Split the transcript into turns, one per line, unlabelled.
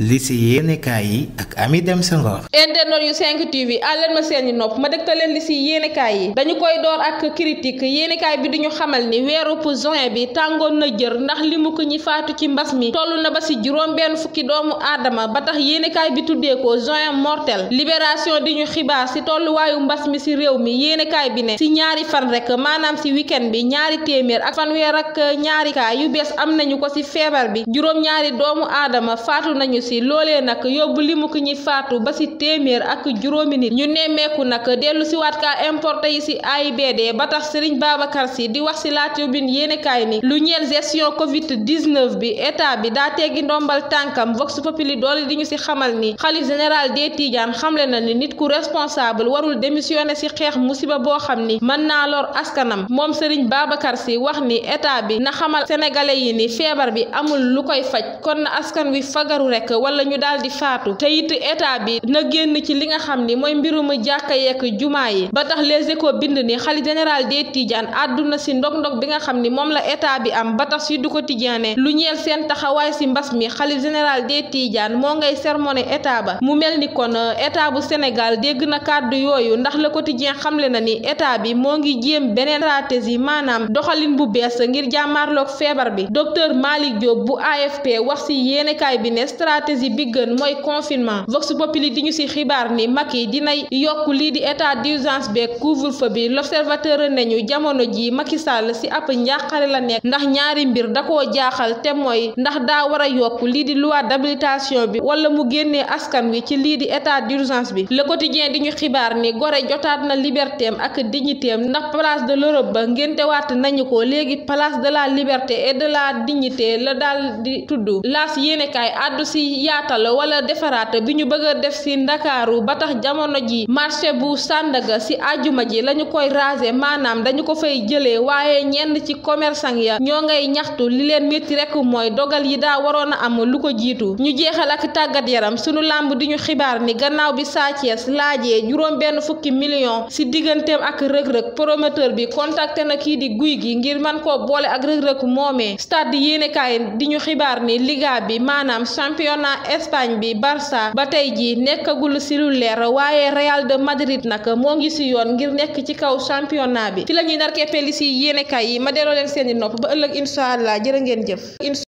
lycée yéenekaay yi ak dem sa Senghor. internet yu 5 TV àlleen ma seeni nopp ma dëgtal leen li si yéenekaay yi dañu koy door ak critique yéenekaay bi duñu xamal ni weerub juin bi tàngoon na jër ndax limu ko ñi faatu ci mbas mi toll na ba si juróom benn fukki doomu aadama ba tax yéenekaay bi tuddee ko juin mortel libération di ñu xibaar si tolluwaayu mbas mi si réew mi yéenekaay bi ne si ñaari fan rek maanaam si weekend bi ñaari téeméer ak fanweer ak ñaari yu bees am nañu ko si feebar bi juróom doomu aadama faatu si loolee nag yóbbu limu ki ñi faatu ba si téeméer ak juróomi nit ñu nemmeeku nag dellu si waat kaa importé yi si AIBD ba tax Serigne Babacar Sy di wax si laat yóbbin yéenekaay ni lu ñeel gestion Covid 19 bi état bi daa teggi ndombal tànkam Vox Populi dool di ñu si xamal ni xalif général des Tidiane xamle na ni nit ku responsable warul démissionné si xeex musiba boo xam ni mën naa lor askanam moom Serigne Babacar Sy wax ni état bi na xamal sénégalais yi ni feebar bi amul lu koy faj kon na askan wi fagaru rek rek wala ñu daal di faatu te it état bi na génn ci li nga xam ni mooy mbirum jàkka yeeg jumaa yi ba tax les échos bind ni xali général des Tidiane àdduna si ndog-ndog bi nga xam ni moom la état bi am ba tax si du ko tijaane lu ñeel seen taxawaay si mbas mi xali général des Tidiane moo ngay sermoné état ba mu mel ni kon état bu Sénégal dégg na kàddu yooyu ndax le quotidien xamle na ni état bi moo ngi jéem beneen yi maanaam doxalin bu bees ngir jàmmaarloog feebar bi stratégie bi gën mooy confinement vox populi di ñu ci xibaar ni yi dina yokk lii di état d'urgence beeg couvre-feu bi l'observateur ñu jamono ji Macky Sall ci ab njàqare la nekk ndax ñaari mbir da koo jaaxal te mooy ndax daa war a yokk lii di loi d'habilitation bi wala mu génnee askan wi ci lii di état d'urgence bi le quotidien di ñu xibaar ni Gorée jotaat na libertéem ak dignitéem ndax place de l'Europe ba ngénte waat nañu ko léegi palace de la liberté et de la dignité la daal di tudd yaatal wala defaraat bi ñu bëgg a def si ndakaaru ba tax jamono ji marché bu sàndaga si ajuma ji lañu koy raser maanaam dañu ko fay jëlee waaye ñenn ci commerçant ya ñoo ngay ñaxtu li leen métti rekk mooy dogal yi daa waroon a am lu ko jiitu ñu jeexal ak tàggat yaram sunu làmb di ñu xibaar ni gannaaw bi Sa laajee juróom benn fukki million si digganteem ak rëg-rëg promoteur bi contacté na kii di guy gi ngir man koo boole ak rëg-rëg moomee stade championnat Espagne bi Barça ba tey ji nekkagul si lu leer waaye Real de Madrid nag moo ngi si yoon ngir nekk ci kaw championnat bi ci la ñuy nar keppeli si yéenekaay yi ma delloo leen seeni nopp ba ëllëg incha allah jërë ngeen jëf